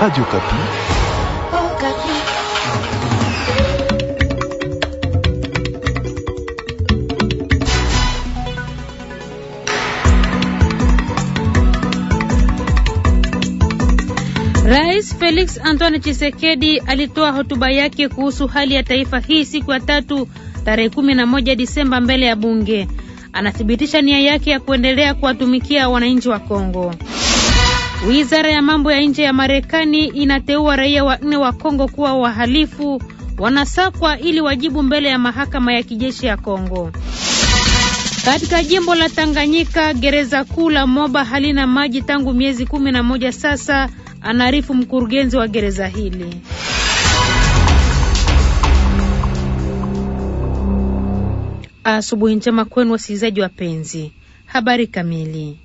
Radio Kapi. Oh, Kapi. Rais Felix Antoine Tshisekedi alitoa hotuba yake kuhusu hali ya taifa hii siku ya tatu tarehe 11 Disemba mbele ya bunge. Anathibitisha nia yake ya kuendelea kuwatumikia wananchi wa Kongo. Wizara ya mambo ya nje ya Marekani inateua raia wanne wa Kongo kuwa wahalifu, wanasakwa ili wajibu mbele ya mahakama ya kijeshi ya Kongo. Katika jimbo la Tanganyika, gereza kuu la Moba halina maji tangu miezi kumi na moja sasa, anaarifu mkurugenzi wa gereza hili. Asubuhi njema kwenu wasikilizaji wapenzi. Habari kamili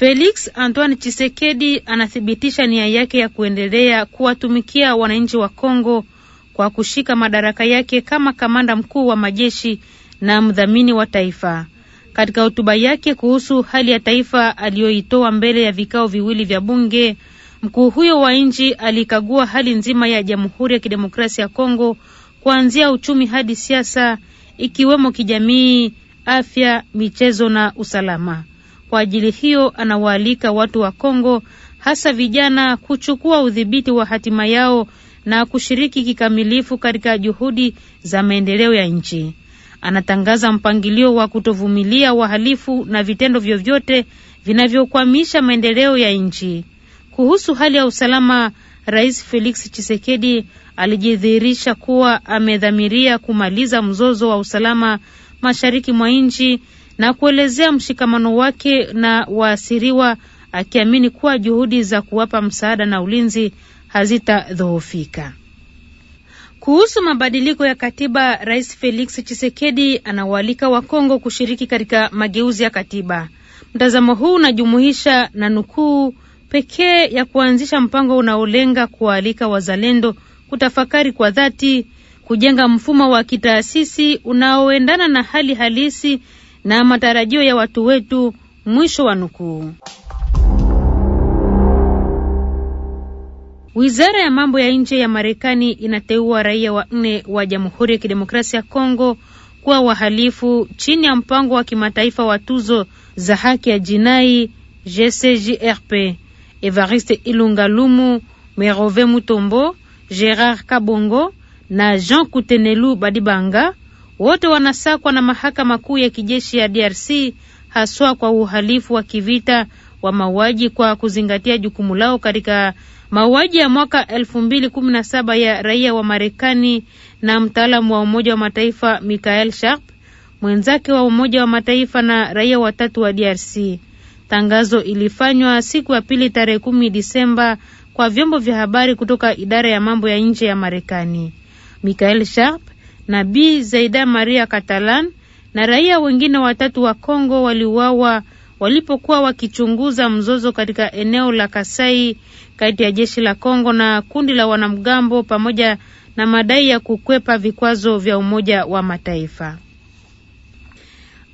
Felix Antoine chisekedi anathibitisha nia yake ya kuendelea kuwatumikia wananchi wa Kongo kwa kushika madaraka yake kama kamanda mkuu wa majeshi na mdhamini wa taifa. Katika hotuba yake kuhusu hali ya taifa aliyoitoa mbele ya vikao viwili vya bunge, mkuu huyo wa nchi alikagua hali nzima ya Jamhuri ya Kidemokrasia ya Kongo kuanzia uchumi hadi siasa, ikiwemo kijamii, afya, michezo na usalama. Kwa ajili hiyo anawaalika watu wa Kongo, hasa vijana, kuchukua udhibiti wa hatima yao na kushiriki kikamilifu katika juhudi za maendeleo ya nchi. Anatangaza mpangilio wa kutovumilia wahalifu na vitendo vyovyote vinavyokwamisha maendeleo ya nchi. Kuhusu hali ya usalama, Rais Felix Tshisekedi alijidhihirisha kuwa amedhamiria kumaliza mzozo wa usalama mashariki mwa nchi na kuelezea mshikamano wake na waasiriwa, akiamini kuwa juhudi za kuwapa msaada na ulinzi hazitadhoofika. Kuhusu mabadiliko ya katiba, Rais Felix Tshisekedi anawaalika Wakongo kushiriki katika mageuzi ya katiba. Mtazamo huu unajumuisha na nukuu pekee ya kuanzisha mpango unaolenga kuwaalika wazalendo kutafakari kwa dhati, kujenga mfumo wa kitaasisi unaoendana na hali halisi na matarajio ya watu wetu. Mwisho wa nukuu. Wizara ya mambo ya nje ya Marekani inateua raia wanne wa Jamhuri ya Kidemokrasia ya Kongo kuwa wahalifu chini ya mpango wa kimataifa wa tuzo za haki ya jinai JCJRP: Evariste Ilungalumu, Merove Mutombo, Gerard Kabongo na Jean Kutenelu Badibanga wote wanasakwa na mahakama kuu ya kijeshi ya DRC haswa kwa uhalifu wa kivita wa mauaji kwa kuzingatia jukumu lao katika mauaji ya mwaka 2017 ya raia wa Marekani na mtaalamu wa Umoja wa Mataifa Michael Sharp, mwenzake wa Umoja wa Mataifa na raia watatu wa DRC. Tangazo ilifanywa siku ya pili tarehe kumi Disemba kwa vyombo vya habari kutoka idara ya mambo ya nje ya Marekani. Michael Sharp na Bi Zaida Maria Catalan na raia wengine watatu wa Kongo waliuawa walipokuwa wakichunguza mzozo katika eneo la Kasai kati ya jeshi la Kongo na kundi la wanamgambo pamoja na madai ya kukwepa vikwazo vya Umoja wa Mataifa.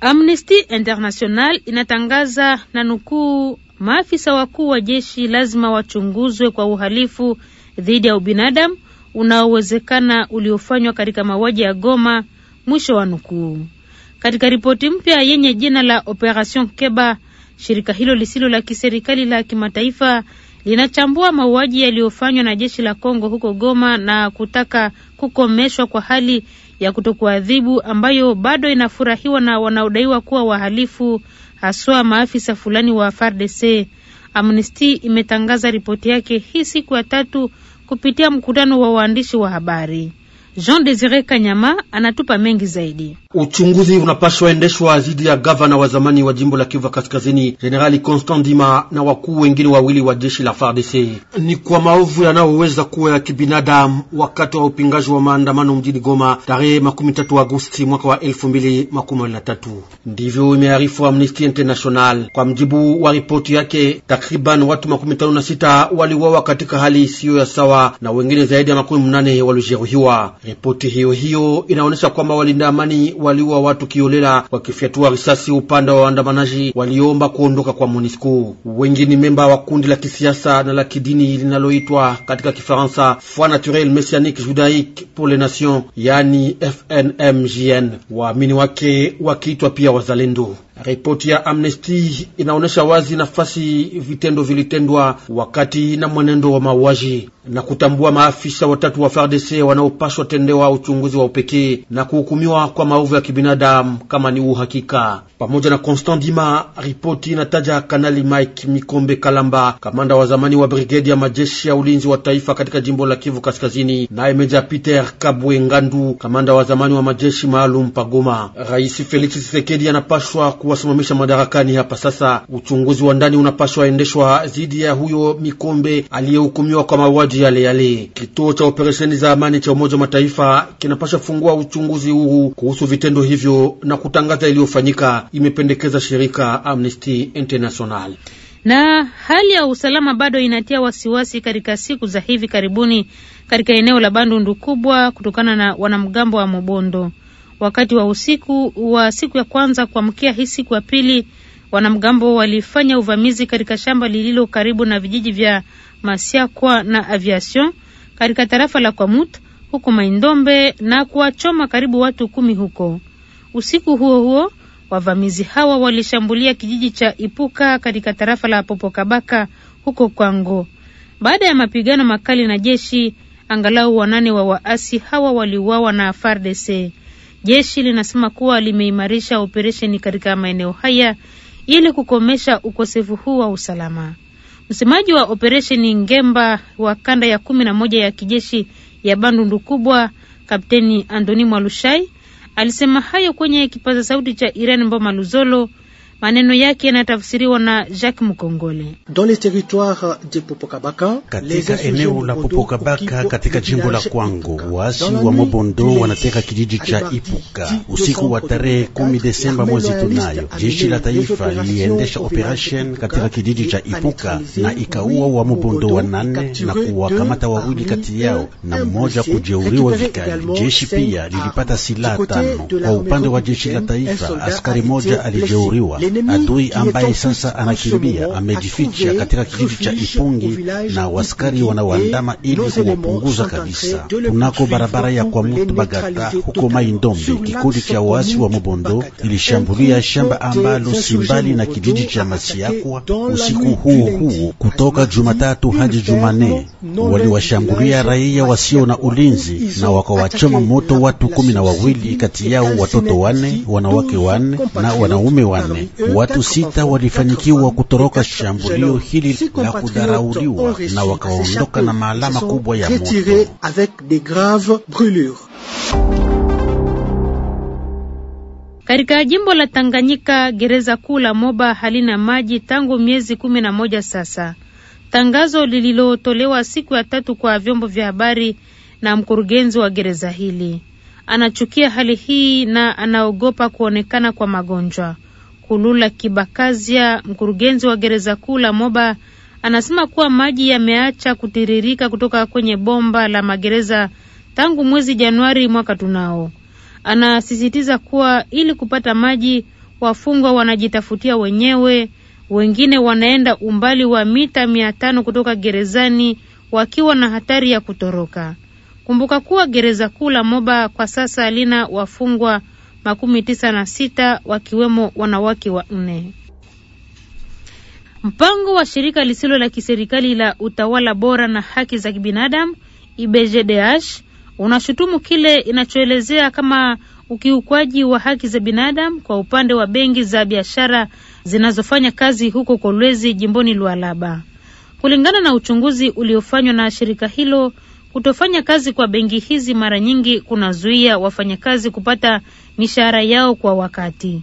Amnesty International inatangaza na nukuu, maafisa wakuu wa jeshi lazima wachunguzwe kwa uhalifu dhidi ya ubinadamu unaowezekana uliofanywa katika mauaji ya Goma. Mwisho wa nukuu. Katika ripoti mpya yenye jina la Operation Keba, shirika hilo lisilo la kiserikali la kimataifa linachambua mauaji yaliyofanywa na jeshi la Kongo huko Goma na kutaka kukomeshwa kwa hali ya kutokuadhibu ambayo bado inafurahiwa na wanaodaiwa kuwa wahalifu, haswa maafisa fulani wa FARDC. Amnesty imetangaza ripoti yake hii siku ya tatu kupitia mkutano wa waandishi wa habari. Jean Desire Kanyama anatupa mengi zaidi. Uchunguzi unapaswa endeshwa dhidi ya gavana wa zamani wa jimbo la Kivu Kaskazini, Generali Constant Ndima na wakuu wengine wawili wa jeshi la FARDC ni kwa maovu yanayoweza kuwa ya kibinadamu wakati wa upingaji wa maandamano mjini Goma tarehe 13 Agosti mwaka wa 2023. Ndivyo imearifu Amnesty International. Kwa mjibu wa ripoti yake, takriban watu 56 waliuawa katika hali isiyo ya sawa na wengine zaidi ya 80 walijeruhiwa. Ripoti hiyo hiyo inaonyesha kwamba walinda amani waliua watu kiolela, wakifyatua risasi upande wa waandamanaji waliomba kuondoka kwa MONUSCO. Wengi ni memba wa kundi la kisiasa na la kidini linaloitwa katika Kifaransa Foi Naturel Messianique Judaique pour les Nations, yani FNMJN, waamini wake wakiitwa pia wazalendo. Ripoti ya Amnesty inaonyesha wazi nafasi vitendo vilitendwa wakati na mwenendo wa mauaji na kutambua maafisa watatu wa FARDC wanaopaswa tendewa uchunguzi wa upekee na kuhukumiwa kwa maovu ya kibinadamu kama ni uhakika. Pamoja na Constant Dima, ripoti inataja Kanali Mike Mikombe Kalamba, kamanda wa zamani wa brigedi ya majeshi ya ulinzi wa taifa katika jimbo la Kivu Kaskazini, naye Meja Peter Kabwe Ngandu, kamanda wa zamani wa majeshi maalum Pagoma. Rais Felix Tshisekedi anapaswa kuwasimamisha madarakani hapa sasa. Uchunguzi wa ndani unapashwa endeshwa dhidi ya huyo Mikombe aliyehukumiwa kwa mauaji yale yale. Kituo cha operesheni za amani cha Umoja wa Mataifa kinapashwa fungua uchunguzi huu kuhusu vitendo hivyo na kutangaza iliyofanyika, imependekeza shirika Amnesty International na hali ya usalama bado inatia wasiwasi katika siku za hivi karibuni katika eneo la Bandundu kubwa kutokana na wanamgambo wa Mobondo wakati wa usiku wa siku ya kwanza kuamkia hii siku ya pili, wanamgambo walifanya uvamizi katika shamba lililo karibu na vijiji vya Masiakwa na Aviation katika tarafa la Kwamut huko Maindombe na kuwachoma karibu watu kumi huko. Usiku huo huo wavamizi hawa walishambulia kijiji cha Ipuka katika tarafa la Popokabaka huko Kwango. Baada ya mapigano makali na jeshi, angalau wanane wa waasi hawa waliuawa na FARDC. Jeshi linasema kuwa limeimarisha operesheni katika maeneo haya ili kukomesha ukosefu huu wa usalama. Msemaji wa operesheni Ngemba wa kanda ya kumi na moja ya kijeshi ya Bandundu kubwa, Kapteni Antoni Mwalushai alisema hayo kwenye kipaza sauti cha iran Mboma Luzolo Maneno yake yanatafsiriwa na Jacques Mkongole. Katika eneo la Popokabaka katika jimbo la Kwango, waasi wa Mobondo wanateka kijiji cha Ipuka usiku wa tarehe kumi Desemba mwezi tunayo. Jeshi la taifa liliendesha operation katika kijiji cha Ipuka na ikaua wa Mobondo wanane na kuwakamata wawili kati yao na mmoja kujeuriwa vikali. Jeshi pia lilipata silaha tano. Kwa upande wa jeshi la taifa, askari moja alijeuriwa adui ambaye sasa anakimbia amejificha katika kijiji cha Ipungi na waskari wanaoandama ili kuwapunguza kabisa. Kunako barabara ya kwa mutu Bagata huko Maindombe, kikundi cha waasi wa Mobondo ilishambulia shamba ambalo simbali na kijiji cha Masiakwa usiku huo huo, kutoka Jumatatu hadi Jumane waliwashambulia raia wasio na ulinzi na wakawachoma moto watu kumi na wawili, kati yao watoto wane, wanawake wane na wanaume wane. Watu sita walifanikiwa kutoroka shambulio hili la kudharauliwa na wakaondoka na maalama kubwa ya moto. Katika jimbo la Tanganyika, gereza kuu la Moba halina maji tangu miezi kumi na moja sasa. Tangazo lililotolewa siku ya tatu kwa vyombo vya habari na mkurugenzi wa gereza hili anachukia hali hii na anaogopa kuonekana kwa magonjwa. Kulula Kibakazia, mkurugenzi wa gereza kuu la Moba, anasema kuwa maji yameacha kutiririka kutoka kwenye bomba la magereza tangu mwezi Januari mwaka tunao. Anasisitiza kuwa ili kupata maji wafungwa wanajitafutia wenyewe, wengine wanaenda umbali wa mita mia tano kutoka gerezani wakiwa na hatari ya kutoroka. Kumbuka kuwa gereza kuu la Moba kwa sasa lina wafungwa makumi tisa na sita wakiwemo wanawake wanne. Mpango wa shirika lisilo la kiserikali la utawala bora na haki za kibinadamu IBJDH unashutumu kile inachoelezea kama ukiukwaji wa haki za binadamu kwa upande wa benki za biashara zinazofanya kazi huko Kolwezi jimboni Lualaba. Kulingana na uchunguzi uliofanywa na shirika hilo, kutofanya kazi kwa benki hizi mara nyingi kunazuia wafanyakazi kupata mishahara yao kwa wakati.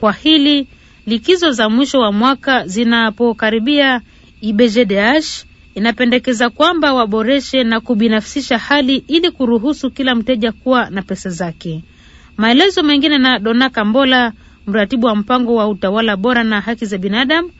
Kwa hili likizo za mwisho wa mwaka zinapokaribia, IBGDH inapendekeza kwamba waboreshe na kubinafsisha hali ili kuruhusu kila mteja kuwa na pesa zake. Maelezo mengine na Dona Kambola, mratibu wa mpango wa utawala bora na haki za binadamu,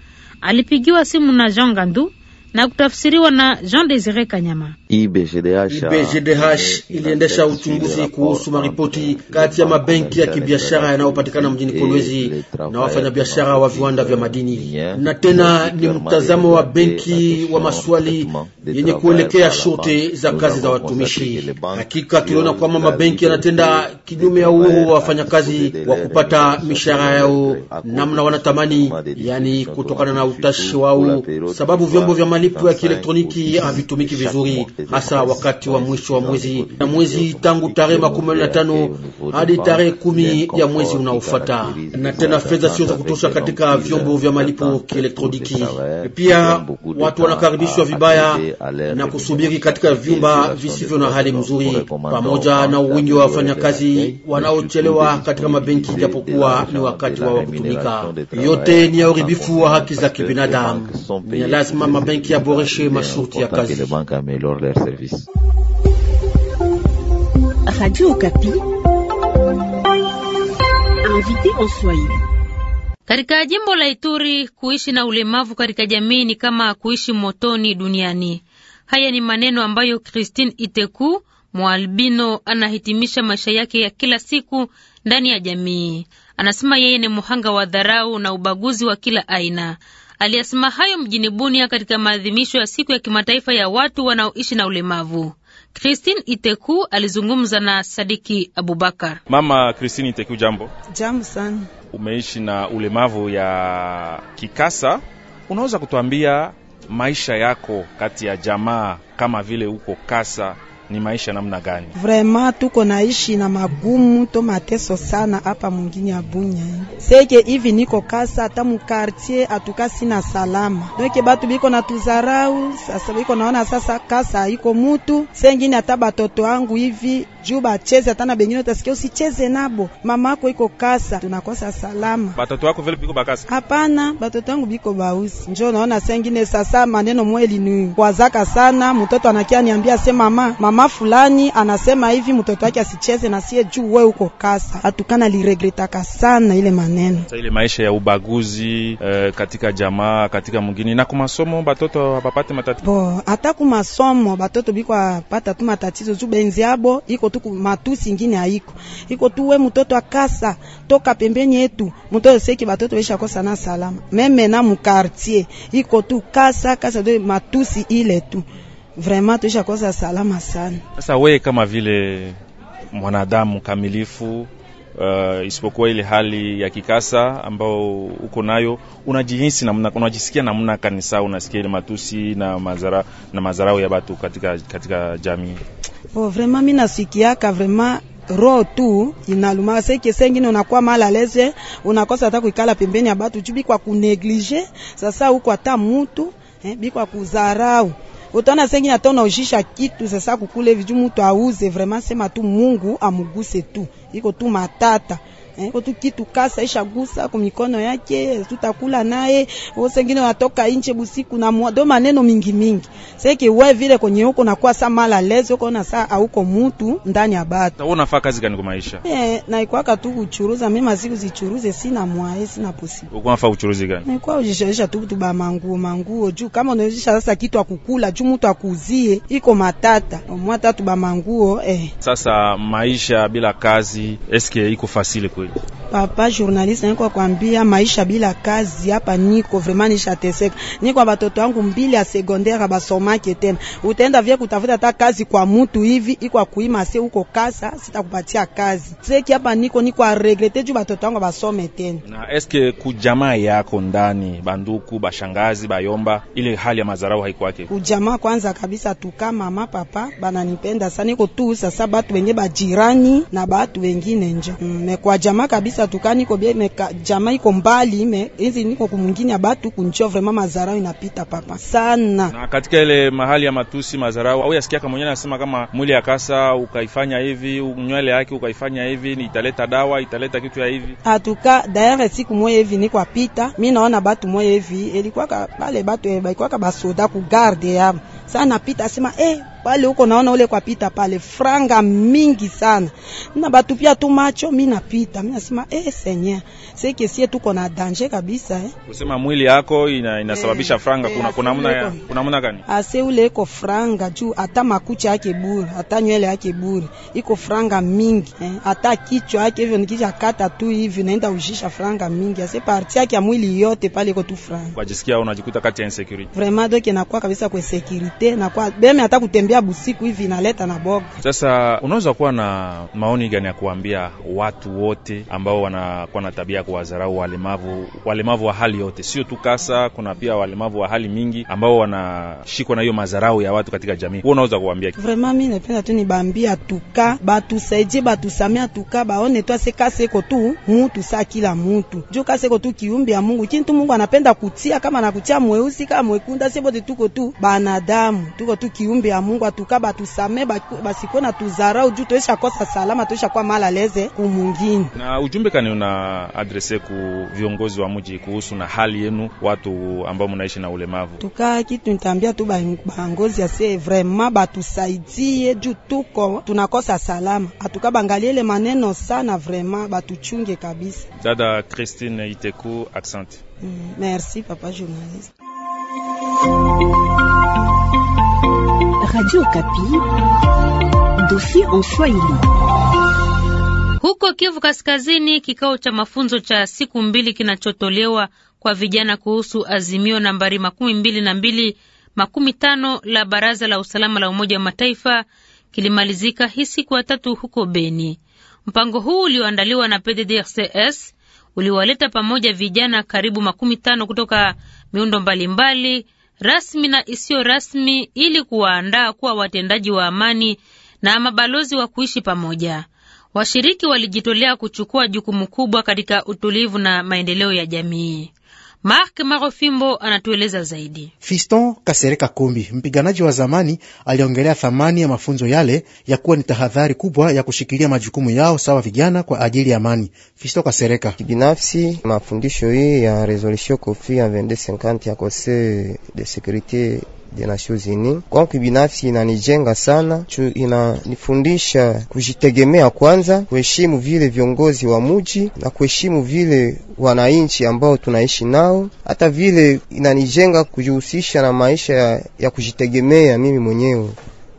alipigiwa simu na Jean Gandu na kutafsiriwa na Jean Desire Kanyama. IBGDH iliendesha uchunguzi kuhusu maripoti kati ya mabenki ya kibiashara yanayopatikana mjini e, Kolwezi na wafanyabiashara wa viwanda vya madini, na tena ni mtazamo wa benki wa maswali yenye kuelekea shote za kazi za watumishi. Hakika tuliona kwamba mabenki yanatenda kinyume ya uhuru wa wafanyakazi wa kupata mishahara yao namna wanatamani, yani kutokana na utashi wao, sababu vyombo vya malipo ya kielektroniki havitumiki vizuri hasa wakati wa mwisho wa mwezi na mwezi tangu tarehe makumi na tano hadi tarehe kumi ya mwezi unaofuata, na tena fedha sio za kutosha katika vyombo vya malipo kielektroniki. Pia watu wanakaribishwa vibaya na kusubiri katika vyumba visivyo na hali mzuri, pamoja na uwingi wa wafanyakazi wanaochelewa katika mabenki, japokuwa ni wakati wao wa kutumika. Yote ni ya uharibifu wa haki za kibinadamu. Ni lazima mabenki yaboreshe masharti ya kazi leur service. Radio Okapi. Invité en Katika jimbo la Ituri, kuishi na ulemavu katika jamii ni kama kuishi motoni duniani. Haya ni maneno ambayo Christine Iteku mwalbino anahitimisha maisha yake ya kila siku ndani ya jamii. Anasema yeye ni muhanga wa dharau na ubaguzi wa kila aina aliyasema hayo mjini Bunia katika maadhimisho ya siku ya kimataifa ya watu wanaoishi na ulemavu. Christine Iteku alizungumza na Sadiki Abubakar. Mama Christine Iteku, jambo. Jambo sana. Umeishi na ulemavu ya kikasa, unaweza kutuambia maisha yako kati ya jamaa kama vile uko kasa ni maisha namna gani? Vraiment tuko naishi na magumu to mateso sana hapa mungini ya Bunya seke hivi, niko kasa hata mukartie atuka sina salama doke batu biko na tuzarau sasa, biko naona sasa kasa iko mutu sengine, hata batoto wangu hivi juu bacheze hata na bengine, utasikia usicheze nabo, mama yako iko kasa, tunakosa salama. Batoto wako vile biko bakasa? Hapana, batoto wangu biko bausi, njo naona sengine sasa maneno mweli ni kwazaka sana, mtoto anakia niambia se mama, mama mama fulani anasema hivi mtoto wake asicheze na sie juu wewe uko kasa. Atukana liregretaka sana ile maneno. Sasa ile maisha ya ubaguzi uh, katika jamaa katika mugini na kumasomo batoto hapapate matatizo. Bo, hata kumasomo batoto biko apata tu matatizo juu benzi yabo iko tu matusi ingine haiko. Iko tu wewe mtoto akasa toka pembeni yetu. Mtoto seki batoto besha kosa na salama. Meme na mu iko tu kasa kasa de matusi ile tu vraiment tuisha kosa salama sana. Sasa wewe kama vile mwanadamu kamilifu Uh, isipokuwa ile hali ya kikasa ambao uko nayo, unajihisi namna, unajisikia namna kanisa, unasikia ile matusi na mazara na mazarao ya batu katika, katika jamii oh, vraiment mimi nasikiaka vraiment roho tu inaluma seke sengine, unakuwa mala leze, unakosa hata kuikala pembeni ya batu chubi kwa kuneglige. Sasa huko hata mutu eh, bikwa kuzarau utaona sengi hata unaujisha kitu sasa kukule viju mtu auze, vraiment sema tu Mungu amuguse tu, iko tu matata eh, tukitukasa ishagusa kumikono yake, tutakula naye wosengine watoka inche busiku na mwa, do maneno mingi mingi seki we vile kwenye huko nakuwa sa mala lezo huko na saa auko mutu ndani ya batu wewe unafaa kazi gani kwa maisha eh, na ikwaka tu kuchuruza mimi maziku zichuruze, sina mwae sina possible. Uko unafaa kuchuruzi gani? Ni kwa ujishaisha tu tu ba manguo manguo juu kama unaisha sasa kitu akukula juu mtu akuzie iko matata mwa tatu ba manguo eh. Sasa maisha bila kazi eske iko fasile kwe kweli? Papa journaliste niko kwambia maisha bila kazi hapa niko vraiment nishateseka. Niko batoto wangu mbili ya sekondaire basomake tena. Utaenda vya kutafuta hata kazi kwa mtu hivi iko kuima se huko kasa sitakupatia kazi. Seki hapa niko niko a regrete juu batoto wangu basome tena. Na eske kujamaa yako ndani banduku bashangazi bayomba ile hali ya mazarau haikwake. Kujamaa kwanza kabisa tuka mama papa bananipenda sana niko tu sasa batu wenye bajirani na batu wengine nje. Mm, kwa jamaa jama kabisa tukani ko bien me jama iko mbali me hizi niko kumwingine ya batu kunjia vraiment mazarao inapita papa sana. Na katika ile mahali ya matusi mazarao, au yasikia kama mwenyewe anasema kama mwili ya kasa ukaifanya hivi, nywele yake ukaifanya hivi, ni italeta dawa, italeta kitu ya hivi. Atuka daire siku moja hivi niko apita, mimi naona batu moja hivi ilikuwa pale batu ilikuwa eh, baikuwa basoda ku garde ya Sana pita asema eh pale huko naona ule kwa pita pale franga mingi sana, na pia tu macho. Mimi napita mimi nasema eh, sasa ke sie tuko na danger kabisa eh, usema mwili yako ina, inasababisha eh, franga eh, kuna kuna muna ya, kuna muna gani ase ah, ule iko franga juu, hata makucha yake bure, hata nywele yake bure, iko franga mingi eh. hata eh, kichwa yake hivyo, nikija kata tu hivi naenda ushisha franga mingi, ase parti yake ya mwili yote pale iko tu franga. Unajisikia unajikuta kati ya insecurity vraiment, donc inakuwa kabisa kwa security na kwa beme hata kutembea kuingia busiku hivi inaleta na boga. Sasa unaweza kuwa na maoni gani ya kuambia watu wote ambao wanakuwa na tabia ya kuwadharau walemavu, walemavu wa hali yote, sio tu kasa, kuna pia walemavu wa hali mingi ambao wanashikwa na hiyo madharau ya watu katika jamii. Wewe unaweza kuambia vraiment? Mimi napenda tu nibambia tuka batusaidie, batusamia, tuka baone twase kase ko tu mutu saa kila mutu juu kase ko tu kiumbi ya Mungu kintu Mungu anapenda kutia kama anakutia mweusi kama mwekunda, sio bote tuko tu banadamu, tuko tu kiumbi ya Mungu batuka batusame basikona tuzarau juu tuisha kosa salama, tuisha kwa mala leze kumungini. Na ujumbe kani una adrese ku viongozi wa mji kuhusu na hali yenu watu ambao munaishi na ulemavu? Tuka kitu nitambia tu bangozi ase vraiment batusaidie juu tuko tunakosa salama, atuka bangaliele maneno sana, vraiment batuchunge kabisa. Dada Christine Iteku, accent. Mm, merci papa journaliste. Radio Kapi, dosi en Swahili. Huko Kivu Kaskazini, kikao cha mafunzo cha siku mbili kinachotolewa kwa vijana kuhusu azimio nambari makumi mbili na mbili makumi tano la Baraza la Usalama la Umoja wa Mataifa kilimalizika hii siku ya tatu huko Beni. Mpango huu ulioandaliwa na PDDRCS uliwaleta pamoja vijana karibu makumi tano kutoka miundo mbalimbali mbali, rasmi na isiyo rasmi ili kuwaandaa kuwa watendaji wa amani na mabalozi wa kuishi pamoja. Washiriki walijitolea kuchukua jukumu kubwa katika utulivu na maendeleo ya jamii. Mark Marofimbo anatueleza zaidi. Fiston Kasereka Kumbi, mpiganaji wa zamani, aliongelea thamani ya mafunzo yale ya kuwa ni tahadhari kubwa ya kushikilia majukumu yao sawa vijana kwa ajili ya amani. Fiston Kasereka: kibinafsi mafundisho hii ya resolution kofi ya 2250 ya conseil de securite de Nations Unies. Kwangu binafsi inanijenga sana, inanifundisha kujitegemea kwanza, kuheshimu vile viongozi wa muji na kuheshimu vile wananchi ambao tunaishi nao, hata vile inanijenga kujihusisha na maisha ya, ya kujitegemea mimi mwenyewe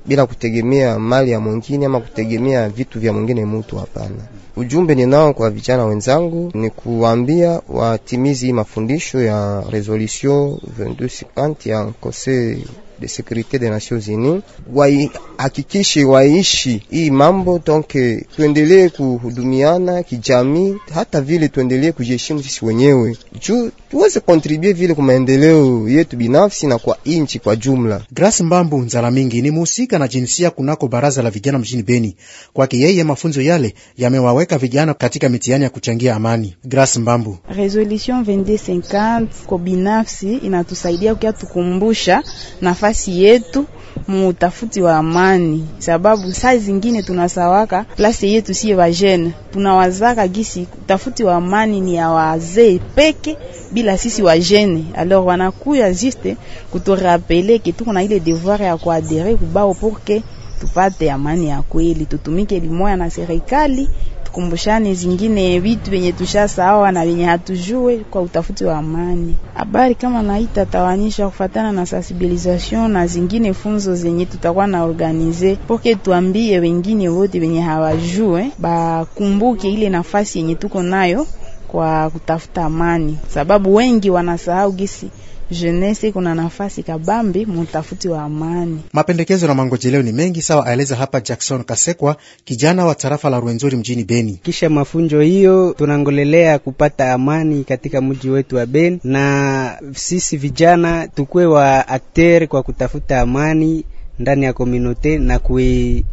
bila kutegemea mali ya mwingine ama kutegemea vitu vya mwingine mutu. Hapana, ujumbe ninao kwa vijana wenzangu ni kuambia watimizi mafundisho ya resolution 2250 ya Conseil de securite des Nations Unies, waihakikishe waishi hii mambo donke, tuendelee kuhudumiana kijamii, hata vile tuendelee kujiheshimu sisi wenyewe juu tuweze kontribue vile kwa maendeleo yetu binafsi na kwa inchi kwa jumla. Grace Mbambu Nzala Mingi ni muhusika na jinsia kunako baraza la vijana mjini Beni. Kwake yeye, mafunzo yale yamewaweka vijana katika mitihani ya kuchangia amani. Grace Mbambu: resolution 2250 kwa binafsi inatusaidia kukia tukumbusha nafasi yetu mutafuti wa amani, sababu saa zingine tunasawaka plasi yetu sie vajene tunawazaka gisi tafuti wa amani ni ya wazee peke bila sisi wa jeune alors wanakuya juste kutorapele ke tuko na ile devoir ya kuadere kubao porke tupate amani ya kweli, tutumike limoya na serikali, tukumbushane zingine vitu venye tushasawa na venye hatujue kwa utafuti wa amani. Habari kama naita tawanisha kufatana na sensibilisation na zingine funzo zenye tutakuwa na organize, poke tuambie wengine wote venye hawajue bakumbuke ile nafasi yenye tuko nayo kwa kutafuta amani, sababu wengi wanasahau gisi jenesi kuna nafasi kabambi mutafuti wa amani. Mapendekezo na mangojeleo ni mengi sawa, aeleza hapa Jackson Kasekwa, kijana wa tarafa la Rwenzori mjini Beni. Kisha mafunjo hiyo, tunangolelea kupata amani katika mji wetu wa Beni, na sisi vijana tukue wa akter kwa kutafuta amani ndani ya komunote na kui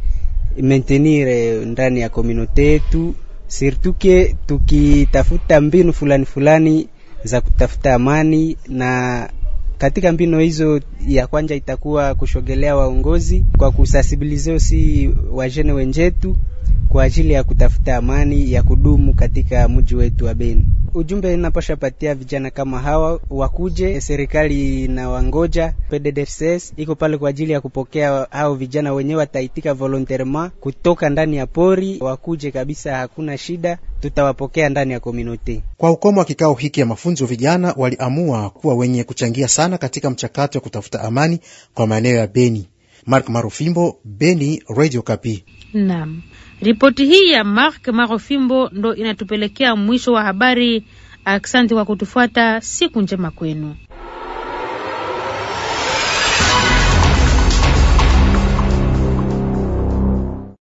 maintenir ndani ya komunote yetu sirtuke tukitafuta mbinu fulani fulani za kutafuta amani na katika mbino hizo, ya kwanja itakuwa kushogelea waongozi kwa kusensibilize si wajene wenjetu kwa ajili ya kutafuta amani ya kudumu katika mji wetu wa Beni. Ujumbe inapasha patia vijana kama hawa wakuje, serikali na wangoja PDDFCS iko pale kwa ajili ya kupokea hao vijana, wenyewe wataitika volontairement kutoka ndani ya pori, wakuje kabisa, hakuna shida tutawapokea ndani ya komunote. Kwa ukomo wa kikao hiki ya mafunzo, vijana waliamua kuwa wenye kuchangia sana katika mchakato wa kutafuta amani kwa maeneo ya Beni. Mark Marofimbo, Beni, Radio Kapi. Naam, ripoti hii ya Mark Marofimbo ndo inatupelekea mwisho wa habari. Asante kwa kutufuata, siku njema kwenu.